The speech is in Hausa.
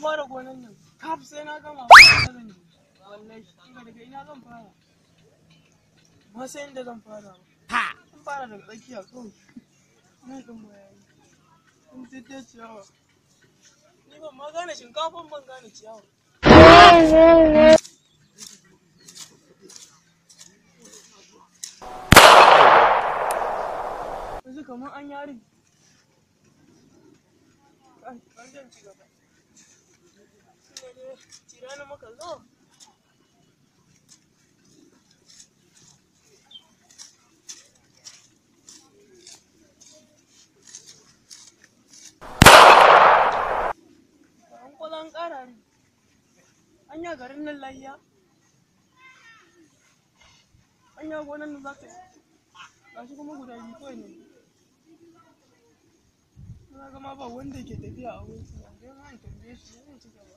na fara gonan nan kaf sai na gama zan wallahi ina daga ina zan fara ba sai inda zan fara ha zan fara daga tsakiya kawai nan din ba yayi in tete ciyawa ni ban ma gane shinkafan ban gane ciyawa yanzu kamar an yari an jan ci gaba cirani muka zo kulan ƙarari an garin nan layya an gonan nan za ta ga shi kuma guda biyu kawai ne na ma ba wanda ke tafiya a wurin su an tambaye shi zai ci gaba